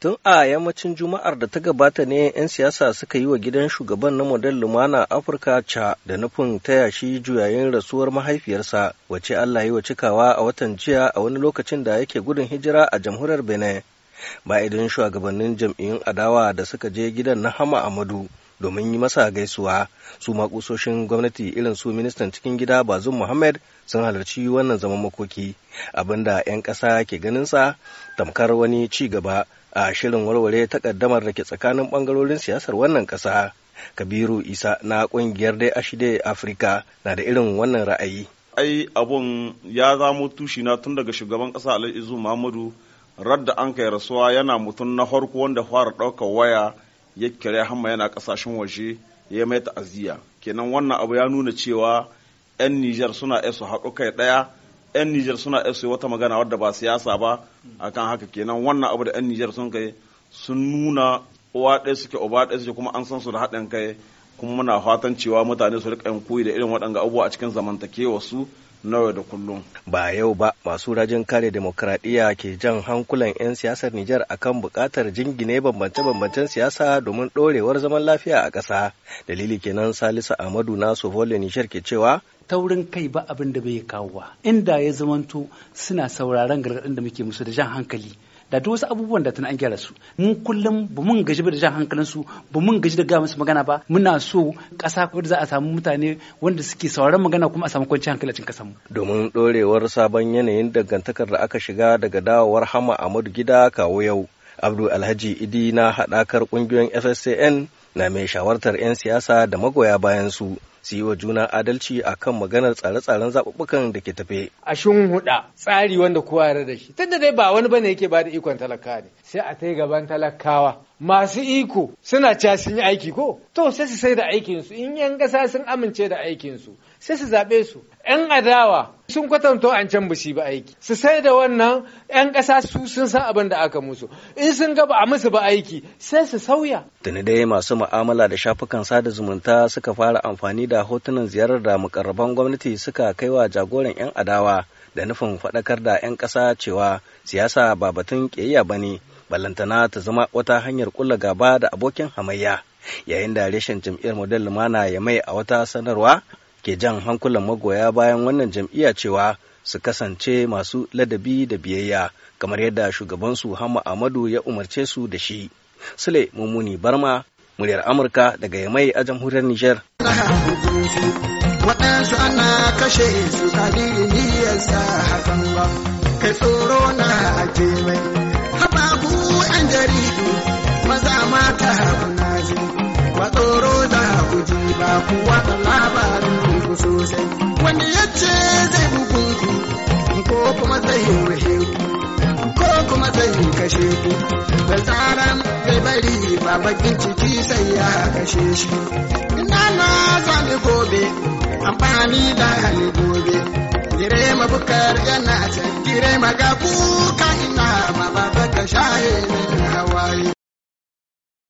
Tun a yammacin Juma'ar da ta gabata ne 'yan siyasa suka yi wa gidan shugaban na model Lumana Afirka ca da nufin taya shi juyayin rasuwar mahaifiyarsa wace Allah yi wa cikawa a watan jiya a wani lokacin da yake gudun hijira a jamhuriyar Benin. idan shugabannin jam'iyyun adawa da suka je gidan na Hama Amadu domin yi masa gaisuwa su makusoshin gwamnati irin su ministan cikin gida bazum muhammad sun halarci wannan zaman makoki abinda 'yan ƙasa ke sa tamkar wani ci gaba a shirin warware takaddamar da ke tsakanin bangarorin siyasar wannan ƙasa kabiru isa na ƙungiyar dai ashide afirka na da irin wannan ra'ayi ai abun ya zamo tushi na tun daga shugaban ƙasa alaizu muhammadu radda an kai rasuwa yana mutum na farko wanda fara ɗaukar waya ya kira hamma yana kasashen waje ya mai ta'aziyya kenan wannan abu ya nuna cewa 'yan nijar suna iya su haɗu kai ɗaya 'yan Nijar suna su wata magana wadda ba siyasa ba akan haka kenan wannan abu da 'yan Nijar sun kai sun nuna uwa ɗaya suke uba ɗaya suke kuma an san su da haɗin kai kuma muna fatan cewa mutane su riƙa yin koyi da irin waɗanga abubuwa a cikin zamantakewa su na yau da kullum. Ba yau ba masu rajin kare demokradiyya ke jan hankulan 'yan siyasar Nijar akan bukatar jingine bambance-bambancen siyasa domin ɗorewar zaman lafiya a ƙasa. Dalili kenan Salisu Ahmadu na Sofole Nijar ke cewa taurin kai ba abin da bai kawo ba. Inda ya zamanto suna sauraron gargaɗin da muke musu da jan hankali. da duk wasu abubuwan da tun an gyara su mun kullum ba mun gaji da jan hankalin su ba mun gaji da ga musu magana ba muna so ƙasa ko za a samu mutane wanda suke sauraron magana kuma a samu kwanciyar hankali a cikin mu domin dorewar sabon yanayin dangantakar da aka shiga daga dawowar Hama Ahmadu gida kawo yau Abdul Alhaji Idi na haɗakar ƙungiyoyin FSCN na mai shawartar 'yan siyasa da magoya bayan su su yi wa juna adalci a kan maganar tsare-tsaren zaɓuɓɓukan da ke tafe. A shun huɗa tsari wanda kowa yarda da shi, tunda dai ba wani bane yake ba da ikon talakawa, ne, sai a tai gaban talakawa. Masu iko suna cewa sun yi aiki ko? To sai su sai da aikinsu, in 'yan ƙasa sun amince da aikinsu, sai su zaɓe su. 'Yan adawa sun kwatanto an can bisi ba aiki su sai da wannan 'yan ƙasa su sun san abin da aka musu in sun gaba a musu ba aiki sai su sauya tuni dai masu mu'amala da shafukan sada zumunta suka fara amfani da da hotunan ziyarar da mukarraban gwamnati suka kai wa jagoran 'yan adawa da nufin faɗakar da 'yan ƙasa cewa siyasa ba batun ƙiyayya ba ne ballantana ta zama wata hanyar kulla gaba da abokin hamayya yayin da reshen jam'iyyar model lumana ya mai a wata sanarwa ke jan hankulan magoya bayan wannan jam'iyya cewa su kasance masu ladabi da biyayya kamar yadda shugabansu hama amadu ya umarce su da shi sule mummuni barma muryar amurka daga yamai a jamhuriyar niger ana bugun su waɗansu ana kashe su dalilin niyyarsa hakan ba kai tsoro na ake mai hababu yan jaridu maza mata kuna ji ba tsoro za ku ji ba kuwa da labarin ku sosai wani ya ce zai bugun ku ko kuma zai yi ba bakin ciki sai ya kashe shi ina na zani gobe amfani da hali gobe dire ma bukar yana can dire ma ga kuka ina ma ba ka shaye ni hawaye